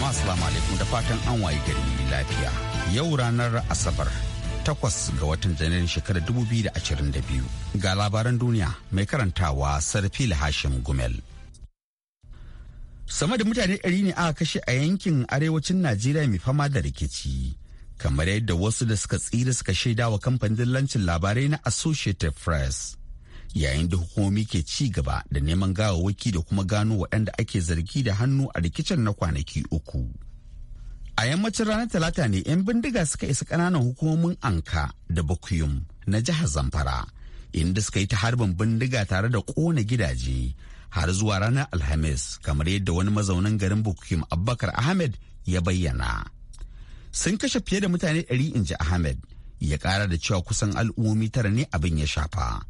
jama'a salamu alaikum da fatan an wayi gari lafiya yau ranar asabar takwas ga watan janairun shekarar biyu ga labaran duniya mai karantawa sarfil hashim gumel sama da mutane ɗari ne aka kashe a yankin arewacin najeriya mai fama da rikici kamar yadda wasu da suka tsira suka shaida wa kamfanin lancin labarai na associated press yayin da hukumomi ke ci gaba da neman gawawaki da kuma gano waɗanda ake zargi da hannu a rikicin na kwanaki uku. A yammacin ranar Talata ne 'yan bindiga suka isa ƙananan hukumomin Anka da Bakuyum na jihar Zamfara, inda suka yi ta harbin bindiga tare da ƙona gidaje har zuwa ranar Alhamis, kamar yadda wani mazaunin garin Bakuyum Abubakar Ahmed ya bayyana. Sun kashe fiye da mutane ɗari in ji Ahmed, ya ƙara da cewa kusan al'ummomi tara ne abin ya shafa.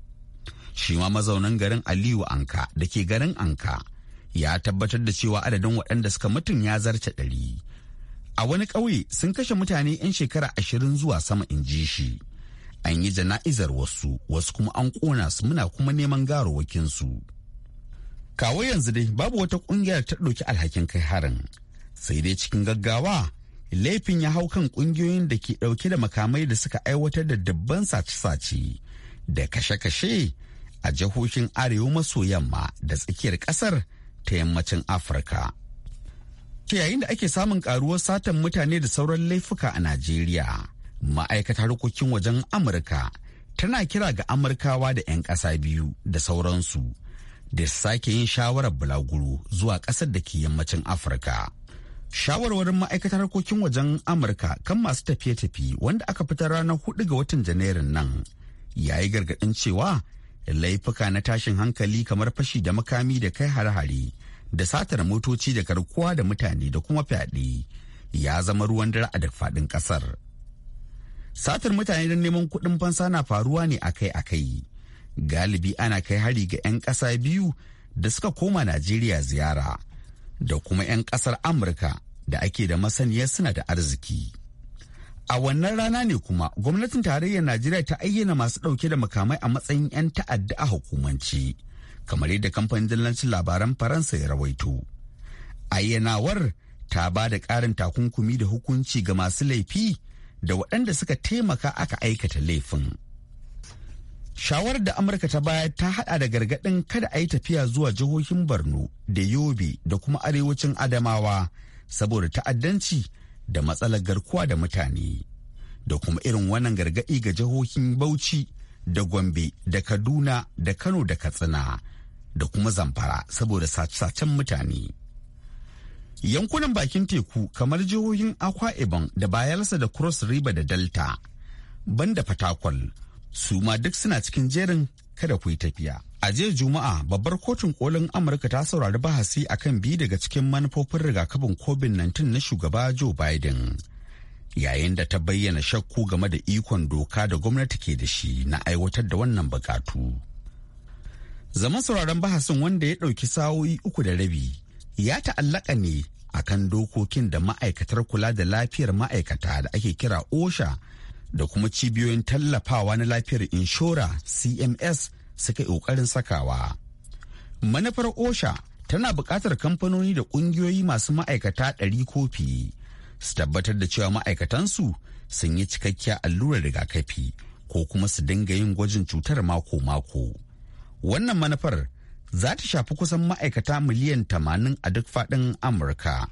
shi ma mazaunan garin aliyu anka da ke garin anka ya tabbatar da cewa adadin waɗanda suka mutum ya zarce ɗari a wani ƙauye sun kashe mutane 'yan shekara ashirin zuwa sama in ji shi an yi jana'izar wasu wasu kuma an ƙona su muna kuma neman su kawo yanzu dai babu wata ƙungiyar ta ɗauki alhakin kai harin sai dai cikin gaggawa laifin ya hau kan ƙungiyoyin da ke ɗauke da makamai da suka aiwatar da dabban sace-sace da kashe-kashe a jihohin arewa maso yamma da tsakiyar kasar ta yammacin afirka ta yayin da ake samun karuwar satan mutane da sauran laifuka a najeriya ma'aikatar harkokin wajen amurka tana kira ga amurkawa da 'yan ƙasa biyu da sauransu da sake yin shawarar bulaguro zuwa ƙasar da ke yammacin afirka shawarwarin ma'aikatar harkokin wajen amurka kan masu tafiye-tafiye wanda aka fitar ranar 4 ga watan janairun nan yayi gargaɗin cewa laifuka na tashin hankali kamar fashi da makami da kai har-hare da satar motoci da karkuwa da mutane da kuma fyaɗe ya zama ruwan dare a duk faɗin ƙasar. Satar mutane don neman kuɗin fansa na faruwa ne akai-akai. Galibi ana kai hari ga 'yan ƙasa biyu da suka koma Najeriya ziyara da kuma 'yan ƙasar Amurka da ake da masaniyar suna da arziki. A wannan rana ne kuma gwamnatin tarayyar Najeriya ta ayyana masu ɗauke da makamai a matsayin 'yan ta'adda a hukumanci, kamar yadda kamfanin dillancin labaran Faransa ya rawaito. Ayyanawar ta ba da ƙarin takunkumi da hukunci ga masu laifi da waɗanda suka taimaka aka aikata laifin. Shawar da Amurka ta baya ta haɗa da gargaɗin kada a yi tafiya zuwa jihohin Borno da Yobe da kuma arewacin Adamawa saboda ta'addanci da matsalar garkuwa da mutane da kuma irin wannan gargaɗi ga jihohin Bauchi da Gombe da Kaduna da Kano da Katsina da kuma Zamfara saboda sace-sacen mutane. Yankunan bakin teku kamar jihohin Akwa Ibom da Bayelsa da Cross River da Delta banda Fatakwal su ma duk suna cikin jerin kada ku yi tafiya. A jiya Juma'a babbar kotun kolin Amurka ta saurari bahasi a kan biyu daga cikin manufofin rigakafin COVID-19 na shugaba Joe Biden. Yayin da ta bayyana shakku game da ikon doka da gwamnati ke da shi na aiwatar da wannan bukatu. Zaman sauraron bahasin wanda ya ɗauki sa'o'i uku da rabi ya ta'allaka ne akan dokokin da ma'aikatar kula da lafiyar ma'aikata da ake kira OSHA da kuma cibiyoyin tallafawa na lafiyar inshora CMS suka yi ƙoƙarin sakawa. Manufar OSHA tana buƙatar kamfanoni da ƙungiyoyi masu ma'aikata ɗari kofi su tabbatar da cewa ma'aikatansu sun yi cikakkiya allurar rigakafi ko kuma su dinga yin gwajin cutar mako-mako. Wannan manufar za ta shafi kusan ma'aikata miliyan tamanin a duk faɗin Amurka.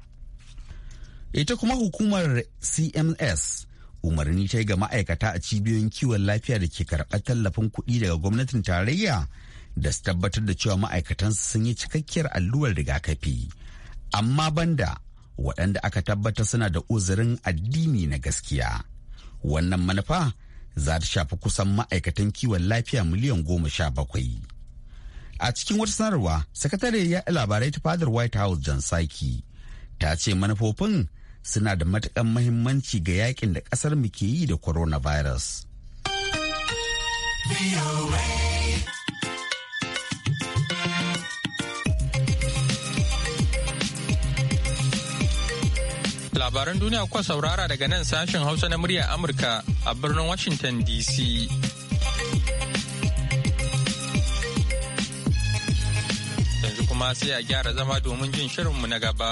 Ita kuma hukumar CMS umarni ta yi ga ma'aikata a cibiyoyin kiwon lafiya da ke karɓar tallafin kuɗi daga gwamnatin tarayya da su tabbatar da cewa ma'aikatansu sun yi cikakkiyar allurar rigakafi amma banda waɗanda aka tabbatar suna da uzurin addini na gaskiya wannan manufa za ta shafi kusan ma'aikatan kiwon lafiya miliyan goma sha bakwai a cikin wata sanarwa sakatare ya labarai ta fadar white house john saki ta ce manufofin suna da matukan mahimmanci ga yakin da kasar mu ke yi da coronavirus. Labaran duniya kuwa saurara daga nan sashen Hausa na muryar Amurka a birnin Washington DC. Yanzu kuma sai a gyara zama domin jin shirinmu na gaba.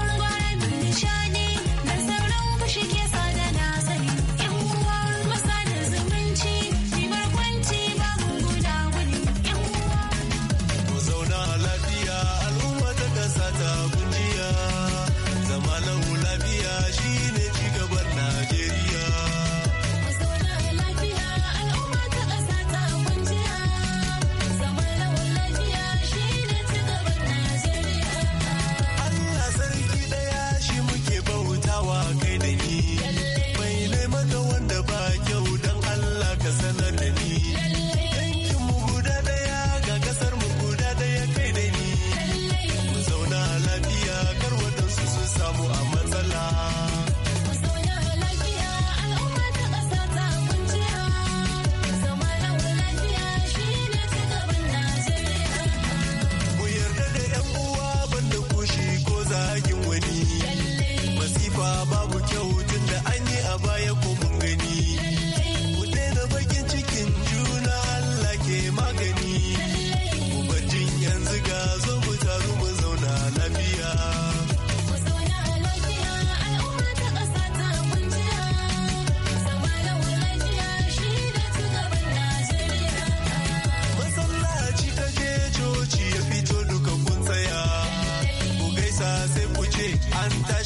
I'm cantar.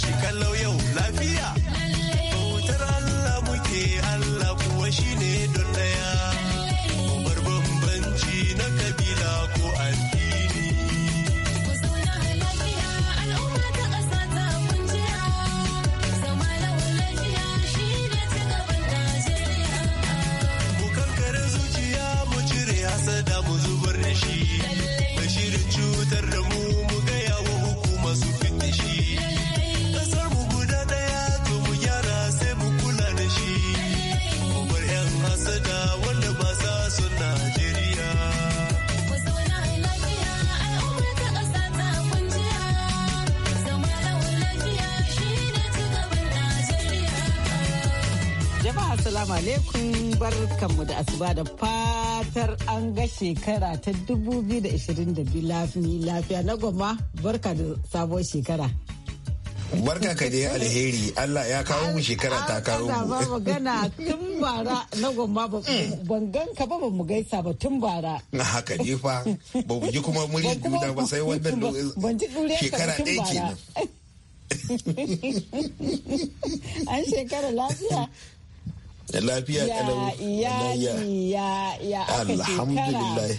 alaikum kanmu da asuba da fatar an ga shekara ta 2022 lafiya na goma barka da sabuwar shekara. Barka ka dai alheri Allah ya kawo mu shekara ta kawo mu. ba magana tun bara na gomma mm. ban gan ka ba mu gaisa ba tun bara. Na haka ne fa ba mu ji kuma muri juna ba sai wannan shekara ɗaya kenan. An shekara lafiya. da lafiya kalau ya ya alhamdulillah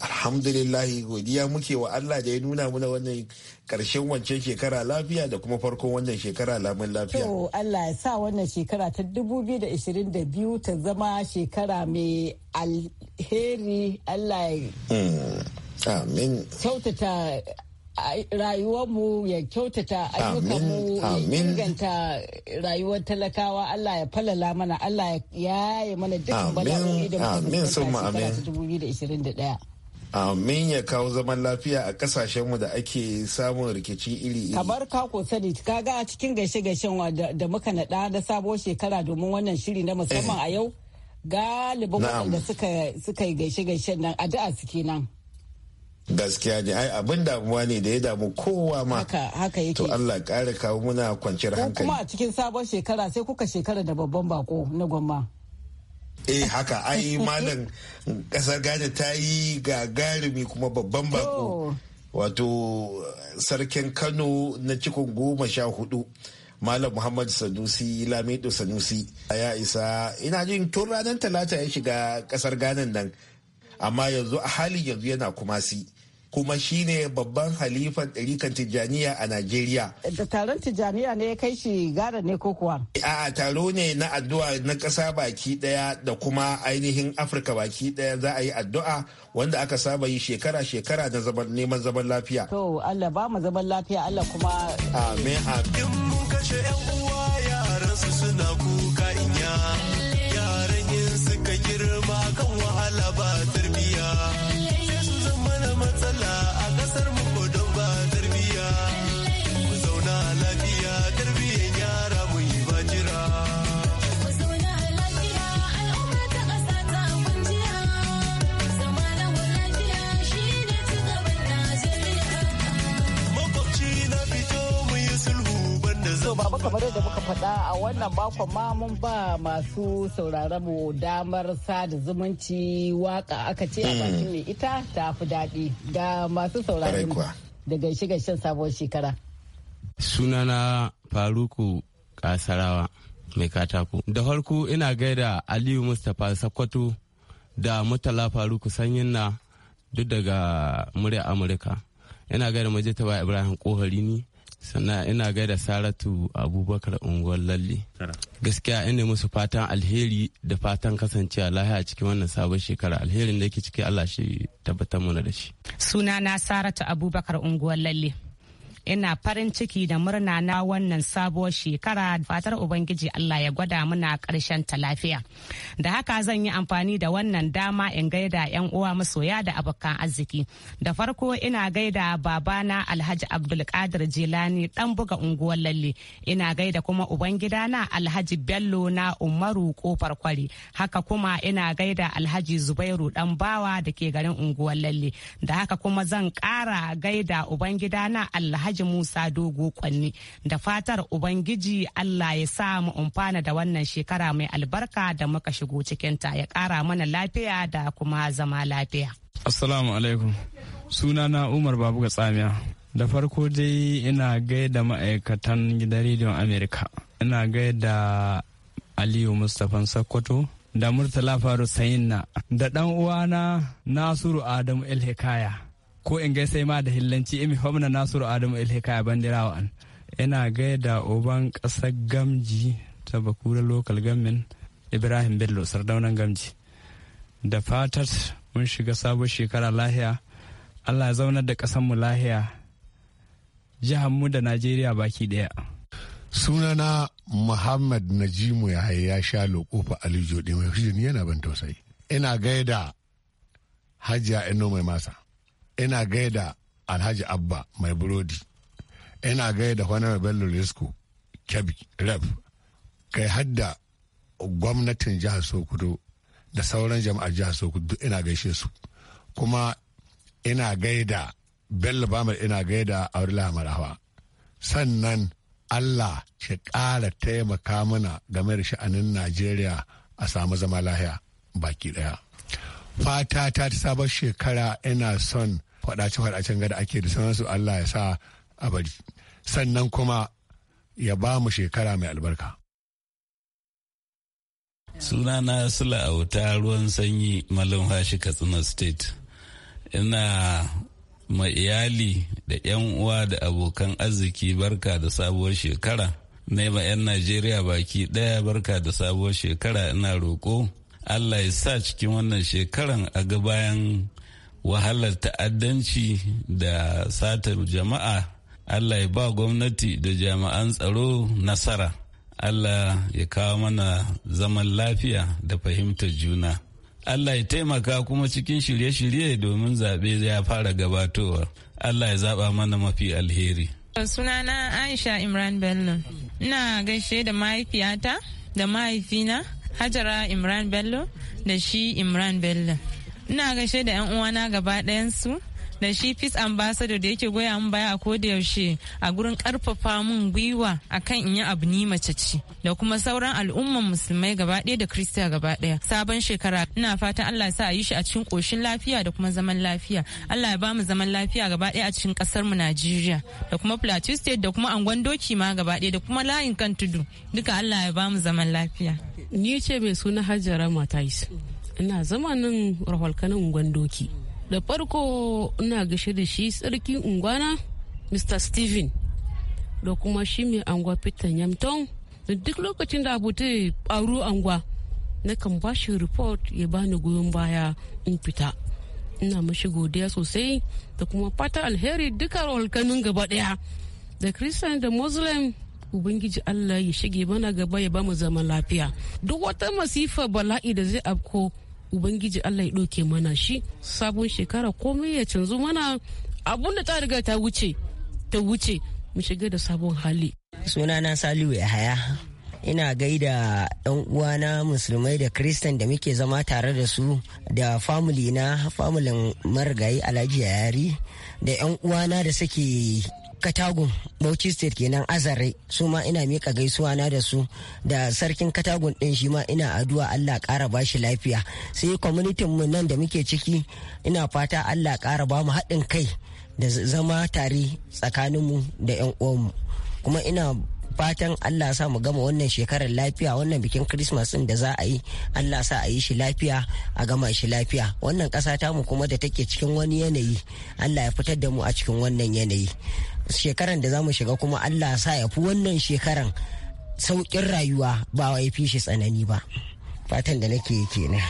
alhamdulillah godiya muke wa Allah da ya nuna muna wannan karshen wancan shekara lafiya da kuma farkon wannan shekara lamun lafiya. To Allah ya sa wannan shekara ta 2022 ta zama shekara mai alheri Allah ya. Hmm. Amin. Kyautata rayuwarmu ya kyautata ayyukanmu ya inganta rayuwar talakawa Allah ya falala mana Allah ya yi mana dukkan bala'o'i da muka da Amin ya kawo zaman lafiya a mu da ake samun rikici iri-iri. Kamar ko sani ga a cikin gaishe-gaishen da muka naɗa na sabuwar shekara domin wannan shiri na musamman eh. a yau galibin waɗanda suka yi gaishe-gaishen nan addu'a suke nan. gaskiya ne ai abin damuwa ne da ya damu kowa ma haka haka yake to Allah ƙara kawo muna kwanciyar hankali kuma a cikin sabon shekara sai kuka shekara da babban bako na gwamma eh haka ai malam kasar Ghana ta yi gagarumi kuma babban bako wato sarkin Kano na cikin goma sha hudu Malam Muhammad Sanusi Lamido Sanusi ya isa ina jin tun ranar talata ya shiga kasar Ghana nan amma yanzu a halin yanzu yana kumasi kuma shine babban halifan ɗarikan tijjaniya a Najeriya. Da taron tijjaniya ne ya kai shi gara ne ko kuwa? A taro ne na addu'a na ƙasa baki ɗaya da kuma ainihin Afirka baki ɗaya za a yi addu'a wanda aka saba yi shekara-shekara na neman zaman lafiya. To Allah ba mu zaman lafiya Allah kuma. Amin. kamar yadda muka faɗa a wannan bakon ma mun ba masu sauraron mu damar sada zumunci waka aka ce a mm. bakin mai ita ta fi daɗi ga masu sauraron mu da gaishe gaishen sabuwar shekara. Sunana Faruku Kasarawa mai katako. Da farko ina gaida Aliyu Mustapha Sakkwato da Murtala Faruku Sanyin na duk daga murya Amurka. Ina gaida Majitaba Ibrahim Kohari ni. sannan ina gaida saratu abubakar unguwar lalle gaskiya ina musu fatan alheri da fatan kasancewa lahiya cikin wannan sabon shekara alherin da yake ciki allah shi tabbatar mana da shi Suna na saratu abubakar unguwar lalle ina farin ciki da murna na wannan sabuwar shekara fatar ubangiji allah ya gwada muna karshen ta lafiya da haka zan yi amfani da wannan dama in gaida yan uwa masoya da abokan arziki da farko ina gaida babana alhaji abdulkadir jilani dan buga unguwar lalle ina gaida kuma ubangidana alhaji bello na umaru kofar kwari haka kuma ina gaida alhaji zubairu dan bawa da ke garin unguwar lalle da haka kuma zan kara gaida ubangidana alhaji Alhaji Musa Dogo Kwanni da fatar Ubangiji Allah ya sa mu umfana da wannan shekara mai albarka da muka shigo cikinta ya kara mana lafiya da kuma zama lafiya. Assalamu alaikum. Sunana Umar Babu ga Tsamiya. Da farko dai ina gaida ma'aikatan gidan rediyon Amerika. Ina gaida Aliyu Mustapha Sokoto da Murtala Faru Sayinna da ɗan uwana Nasiru Adamu El Hikaya. ko in sai ma da hillanci imi homna nasiru adamu ilhikaya bandirawa an ina gaida uban kasar gamji ta bakura lokal gamin ibrahim bello sardaunan gamji da fatar mun shiga sabon shekara lahiya allah ya zaunar da ƙasarmu lahiya mu da najeriya baki ɗaya sunana muhammad najimu ya ya sha lokofa alijo ɗin mai yana ban tausayi ina gaida hajiya ino mai masa ina gaida alhaji abba mai burodi ina gaida wani bello risco kebi rev kai hadda gwamnatin jihar sokoto da sauran jama'ar jihar sokoto ina gaishe su kuma ina gaida bello bamar ina gaida aurila marawa sannan allah shi ƙara taimaka mana game da sha'anin najeriya a samu zama lahiya baki daya. fata ta ta sabon shekara ina son faɗace-faɗacen gada ake da sanansu Allah ya sa a bari sannan kuma ya ba mu shekara mai albarka. sunana sula auta ruwan sanyi Hashi katsina state ina ma iyali da 'yan uwa da abokan arziki barka da sabuwar shekara ma 'yan najeriya baki ɗaya barka da sabuwar shekara ina roƙo allah ya sa cikin wannan shekaran a ga bayan wahalar ta'addanci da satar jama'a allah ya ba gwamnati da jami'an tsaro nasara allah ya kawo mana zaman lafiya da fahimtar juna allah ya taimaka kuma cikin shirye-shirye domin zaɓe ya fara gabatowa allah ya zaɓa mana mafi alheri sunana aisha imran bello ina gaishe da mahaifiyata da mahaifina hajara imran bello da shi imran bello ina gaishe da yan uwana gaba ɗayansu da shi peace ambassador da yake goya min baya a da yaushe a gurin karfafa mun gwiwa akan in yi abu ni mace ci da kuma sauran al'umman musulmai gaba ɗaya da kristiya gaba ɗaya sabon shekara ina fatan Allah sa a yi shi a cikin koshin lafiya da kuma zaman lafiya Allah ya ba mu zaman lafiya gaba ɗaya a cikin kasar mu Najeriya da kuma Plateau state da kuma angon doki ma gaba ɗaya da kuma layin kan tudu duka Allah ya ba mu zaman lafiya ni ce mai suna Hajara Matais ina zama nan rahwalkanin gwandoki da farko ina gashe da shi sarki ungwana mr steven da kuma shi mai angwa peter yamton da duk lokacin da abu ta faru angwa na kan ba shi report ya bani goyon baya in fita ina mashi godiya sosai da kuma fata alheri duka rahwalkanin gaba daya da christian da muslim ubangiji allah ya shige mana gaba ya bamu zaman lafiya duk wata masifa bala'i da zai afko ubangiji allah ya ɗauke mana shi sabon shekara komai ya canzu mana abun da ta riga ta wuce ta wuce mu shiga da sabon hali sunana saliu yahaya ina gaida yan uwana musulmai da kristan da muke zama tare da su da famili na famulin marigayi alhaji yari da yan uwana da suke katagun bauchi state kenan azare su ma ina mika gaisuwa na da su da sarkin katagun din shi ma ina addu'a allah kara bashi shi lafiya sai kwamitin mu nan da muke ciki ina fata allah kara ba mu haɗin kai da zama tare tsakaninmu da 'yan uwanmu kuma ina fatan Allah sa mu gama wannan shekarar lafiya wannan bikin Christmas din da za a yi Allah sa a yi shi lafiya a gama shi lafiya wannan kasa ta mu kuma da take cikin wani yanayi Allah ya fitar da mu a cikin wannan yanayi shekaran da za mu shiga kuma Allah sa ya fi wannan shekaran sauƙin rayuwa ba wai fi shi tsanani ba fatan da nake kenan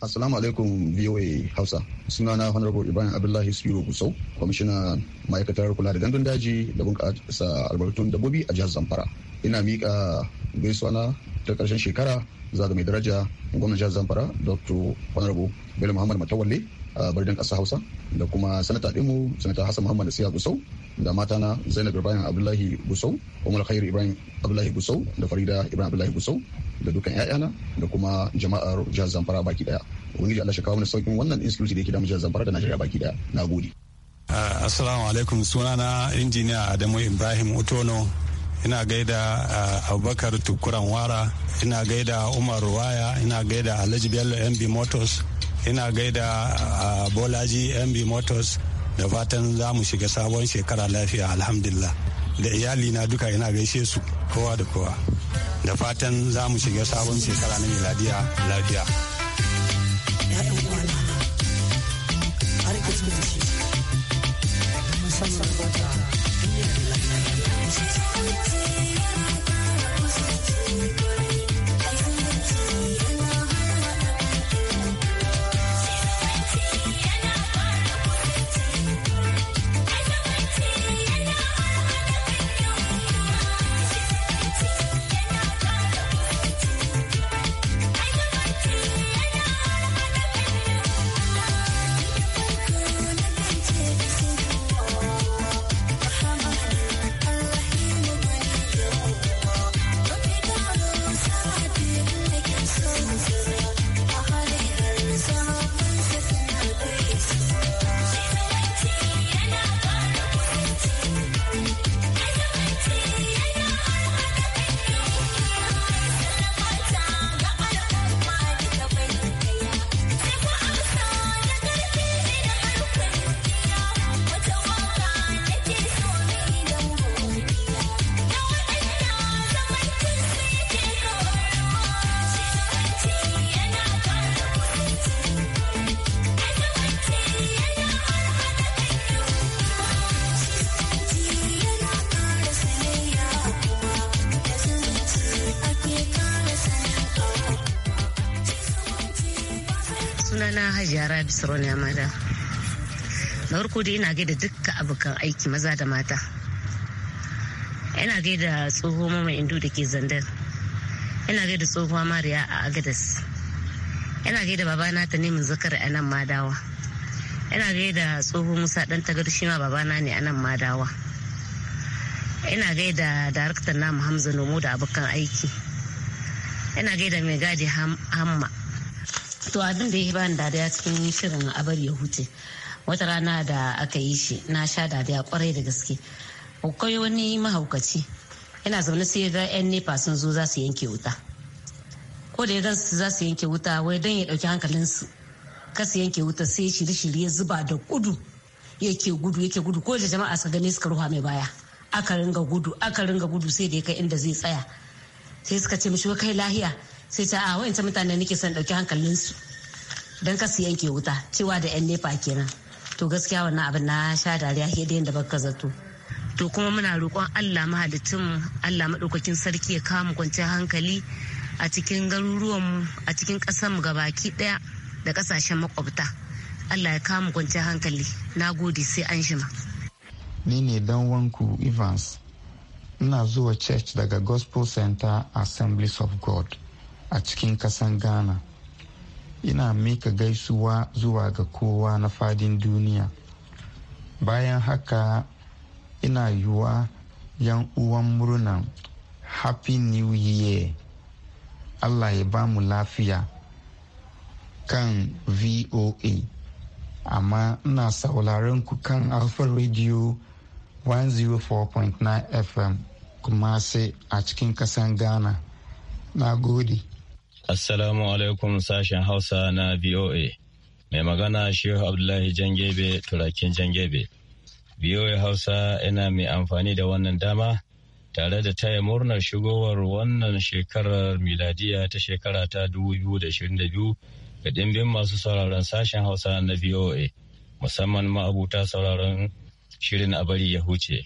Assalamu alaikum VOA Hausa. Suna na Honorable Ibrahim Abdullahi Siro Gusau, kwamishina ma'aikatar kula da gandun daji da bunƙasa albarkatun dabbobi a jihar Zamfara. Ina miƙa gaisuwa na ta ƙarshen shekara zaga mai daraja gwamnan jihar Zamfara Dr. Honorable Bello Muhammad Matawalle birnin ƙasar hausa da kuma sanata ɗinmu sanata hassan muhammad da siya gusau da matana zainab ibrahim abdullahi gusau umar khairu ibrahim abdullahi gusau da farida ibrahim abdullahi gusau da dukkan ƴaƴana da kuma jama'ar jihar zamfara baki daya ubangiji allah shi kawo mana sauƙin wannan institution da yake damu jihar zamfara da najeriya baki daya na gode Uh, Assalamu alaikum sunana injiniya Adamu Ibrahim Utono ina gaida ah, Abubakar Tukuran Wara ina gaida Umar Waya. ina gaida Alhaji Bello MB Motors ina gaida a bolaji mb motors da fatan za mu shiga sabon shekara lafiya alhamdulillah da iyali na duka ina gaishe su kowa da kowa da fatan za mu shiga sabon shekara na miladiya lafiya Thank you. Hajiya Rabi Sarone Amada. Na farko dai ina gaida dukkan abokan aiki maza da mata. Ina gaida tsoho mama indu da ke zandar. Ina gaida tsohuwa Mariya a Agadas. Ina gaida babana ta nemin zakar a nan madawa. Ina gaida tsoho Musa dan tagar shi ma babana ne a nan madawa. Ina gaida daraktan namu Hamza Nomo da abokan aiki. Ina gaida mai gadi Hamma. to abin da ya bani dadaya cikin shirin abar ya huce wata rana da aka yi shi na sha dadaya kwarai da gaske akwai wani mahaukaci yana zaune sai ga yan nepa sun zo za su yanke wuta ko da ya su za su yanke wuta wai don ya dauki hankalinsu kasu yanke wuta sai ya shirye ya zuba da gudu yake gudu yake gudu ko da jama'a suka gani suka ruwa mai baya aka ringa gudu aka ringa gudu sai da ya kai inda zai tsaya sai suka ce mishi kai lahiya sai ta a ah, wa'ancan mutane nake son ɗauki dan don su yanke wuta cewa da yan nepa kenan to gaskiya wannan abin na sha dariya ke da yadda baka zato to kuma muna roƙon allah mahalicin allah maɗaukakin sarki ya kama kwanciyar hankali a cikin mu a cikin ƙasar mu gabaki ɗaya da ƙasashen makwabta allah ya kama kwanciyar hankali na gode sai an shima ni ne dan wanku evans ina zuwa church daga gospel center assemblies of god a cikin kasan ghana ina mika gaisuwa zuwa ga kowa na fadin duniya bayan haka ina yiwa yan uwan murna happy new year allah ya ba mu lafiya kan voa amma ina sauraron ku kan alfa radio 104.9 fm kuma sai a cikin kasan ghana na gode Assalamu alaikum sashen Hausa na VOA. Mai magana Shehu Abdullahi Jangebe turakin Jangebe. VOA Hausa yana mai amfani da wannan dama tare da taya murnar shigowar wannan shekarar miladiya ta shekara ta 2022 ga dimbin masu sauraron sashen Hausa na VOA musamman ma'abuta sauraron shirin a bari ya huce.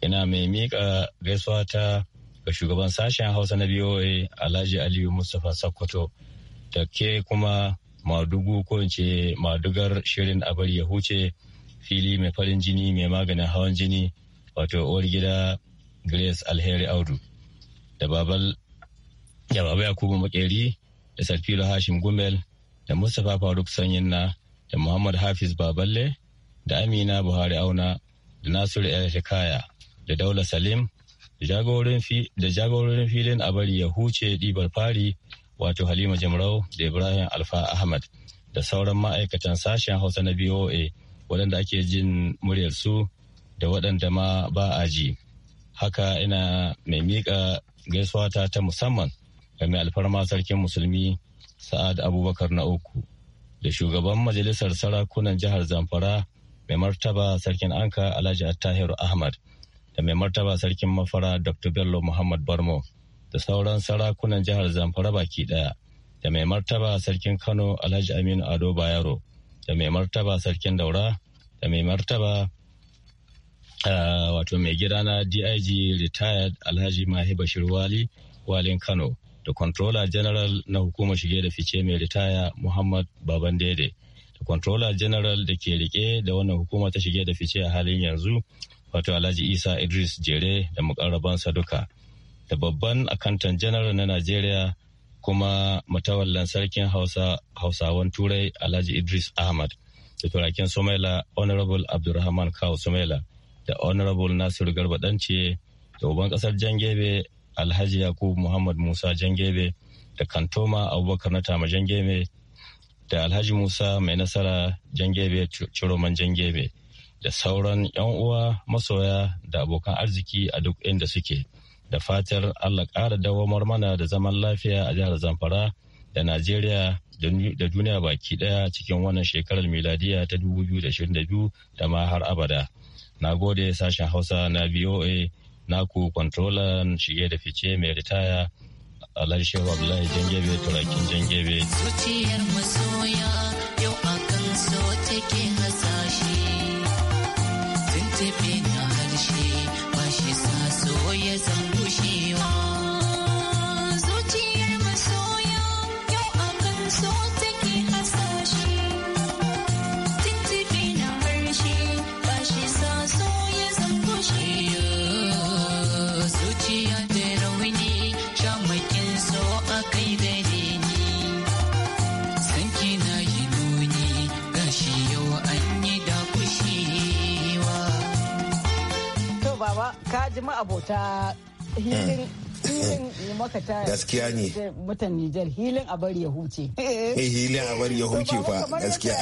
Ina mai miƙa gaisuwa ta ga shugaban sashen hausa na BOA Alhaji Aliyu Mustapha Sokoto da ke kuma madugu ko in ce madugar shirin abar ya huce fili mai farin jini mai maganin hawan jini wato uwar gida Grace Alheri Audu da babal da baba Yakubu Makeri da Sarfilo Hashim Gumel da Mustapha Faruk Sanyinna da Muhammad Hafiz Baballe da Amina Buhari Auna da Nasiru El da Daula Salim da jagororin filin a bari ya huce ɗibar fari wato halima jimrau da ibrahim alfa ahmad da sauran ma'aikatan sashen hausa na boa waɗanda ake jin muryarsu da waɗanda ma ba a ji haka ina mai miƙa gaisuwa ta ta musamman ga mai alfarma sarkin musulmi sa'ad abubakar na uku da shugaban majalisar sarakunan jihar zamfara mai martaba sarkin anka alhaji attahiru ahmad da mai martaba sarkin mafara Dr. Bello Muhammad Barmo da sauran sarakunan jihar Zamfara baki daya da mai martaba sarkin Kano Alhaji Aminu Ado Bayero da mai martaba sarkin Daura da mai martaba wato mai gida na DIG retired Alhaji Mahi Bashir Wali Walin Kano da Controller General na hukumar shige da fice mai ritaya Muhammad Baban Dede da Controller General da ke rike da wannan hukuma ta shige da fice a halin yanzu wato Alhaji Isa Idris Jere da mukarrabansa duka da babban akantan janar na Najeriya kuma matawallan sarkin Hausa Hausawan Turai Alhaji Idris Ahmad da turaken Somaila Honorable Abdulrahman Kawu Somaila da Honorable Nasiru Garba Dance da uban kasar Jangebe Alhaji Yakubu Muhammad Musa Jangebe da Kantoma Abubakar Natama Jangebe da Alhaji Musa Mai Nasara Jangebe Ciroman Jangebe da sauran 'yan uwa masoya da abokan arziki a duk inda suke da fatar allah ƙara dawamar mana da zaman lafiya a jihar zamfara da najeriya da duniya baki daya cikin wannan shekarar miladiya ta 2022 da ma har abada na gode sashen hausa na voa naku controller shige da fice mai ritaya alhaji shehu abdullahi jangebe turakin jangebe zuciyar masoya Mississippi. ma'abota mm. gaskiya ne mutan Nijar hilin a bari ya huce. Eh hilin a bari ya huce fa gaskiya.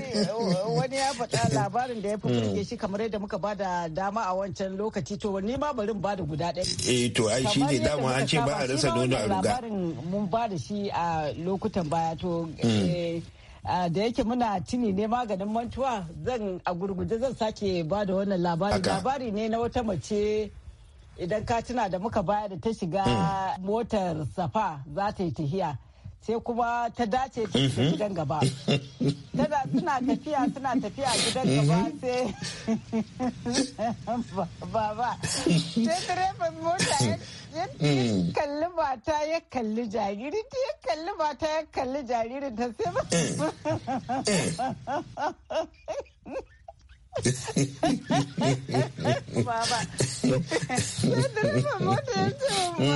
Wani ya faɗa labarin da ya fi kirge mm. shi kamar yadda muka bada dama a wancan lokaci to ni ma barin bada guda ɗaya. Eh to ai shi ne dama an ce ba a rasa nono a ruga. Labarin mun bada shi a lokutan baya to. Mm. Eh, da yake muna tuni ne maganin mantuwa zan a gurguje zan sake ba da wannan labari labari ne na wata mace idan ka tuna da muka baya da ta shiga hmm. motar safa za ta yi tahiya sai kuma ta dace ta shiga mm-hmm. gidan gaba tana suna tafiya suna tafiya gidan gaba mm-hmm. sai baba sai direban mota ya mm. mata ya kalli jariri ta ya kalli mata ya kalli jaririn ta sai ba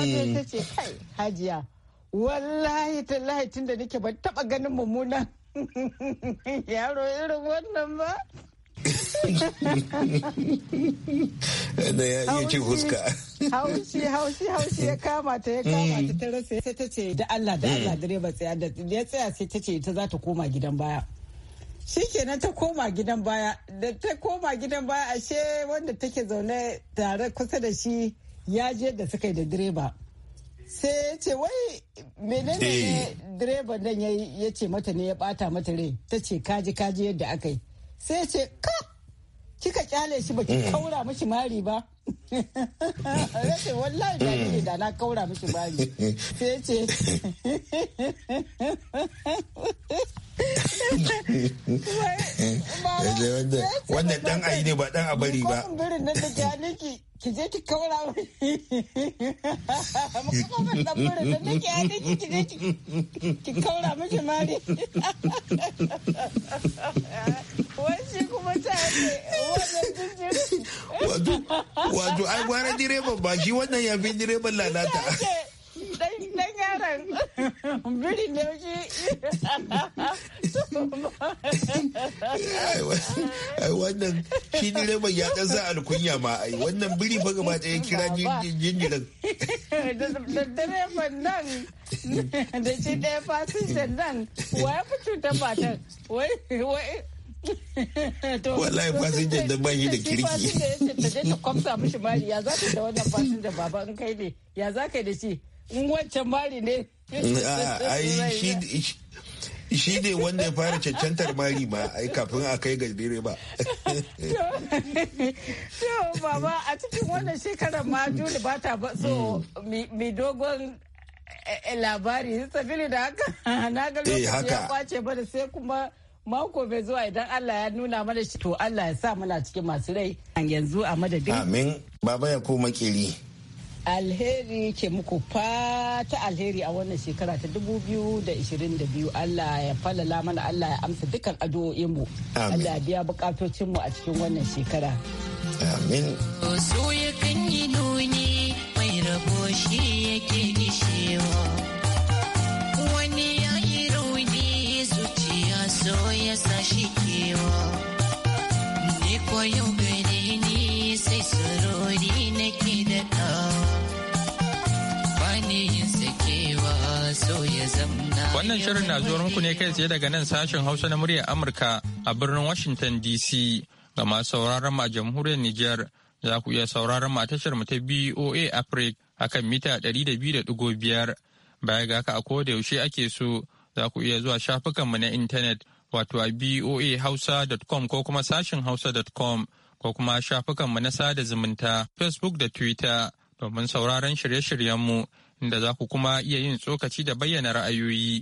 eh, eh. hajiya, wallahi tallahi tun da nake ban taba ganin mummuna yaro irin wannan ba. da ya iya ce huska haushi haushi haushi ya kama ta ya kama ta ta rasa sai ta ce da Allah da Allah ba tsaya da ya tsaya sai ta ce ta za ta koma gidan baya shikenan ta koma gidan baya da ta koma gidan baya ashe wanda take zaune tare kusa da shi ya je da suka yi da direba sai ya ce wai menene eh. direban nan ya ce mata ne ya bata mata rai ta ce kaji kaji yadda aka yi sai ce ka kika kyale shi baki mm. kaura mishi mari ba rashe wallahi da ne da na kaura mishi mari sai ce wannan dan ayi ne ba dan abari ba birin nan da janiki ki je ki kaura mukamman dan birin nan da janiki ki je ki kaura mishi mari wai Wato, ai gwara direban ba shi wannan ya fi direban lalata. dan yaron biri ne ai wannan shi direban ya ɗan sa alkunya ma ai wannan biri fa gaba ɗaya kira jinjirin da direban nan da shi ɗaya fasinjan nan wa ya fi cutar matan wai wallahi fasinjan da bashi da kirki ta je ta kwafsa mishi mari ya za da wannan fasinja baba in kai ne ya zaka da shi in wancan mari ne ai shi shi ne wanda ya fara cancantar mari ma ai kafin a kai ga ba. To baba a cikin wannan shekarar ma Juli ba ta so hmm. mi dogon eh, eh, labari sabili da haka na ga eh, lokaci ya kwace ba da sai kuma mako mai zuwa idan Allah ya nuna mana shi to Allah ya sa muna cikin masu rai yanzu a madadin. Amin. Baba ya koma kiri. Alheri ke muku fata alheri a wannan shekara ta 2022 Allah ya falala mana Allah ya amsa dukkan mu Allah ya biya mu a cikin wannan shekara. Amin. So ya kan yi nuni mai rabo shi yake gishewa. Wannan shirin na zuwa muku ne kai tsaye daga nan sashen Hausa na muryar Amurka a birnin Washington DC ga masu sauraron ma jamhuriyar Nijar za ku iya sauraron ma tashar mu ta BOA Africa akan mita 200.5 baya ga haka a koda yaushe ake so za ku iya zuwa shafukan mu na intanet wato a boahausa.com ko kuma sashen hausa.com ko kuma shafukan mu na sada zumunta Facebook da Twitter domin sauraron shirye-shiryenmu inda za ku kuma iya yin tsokaci da bayyana ra'ayoyi.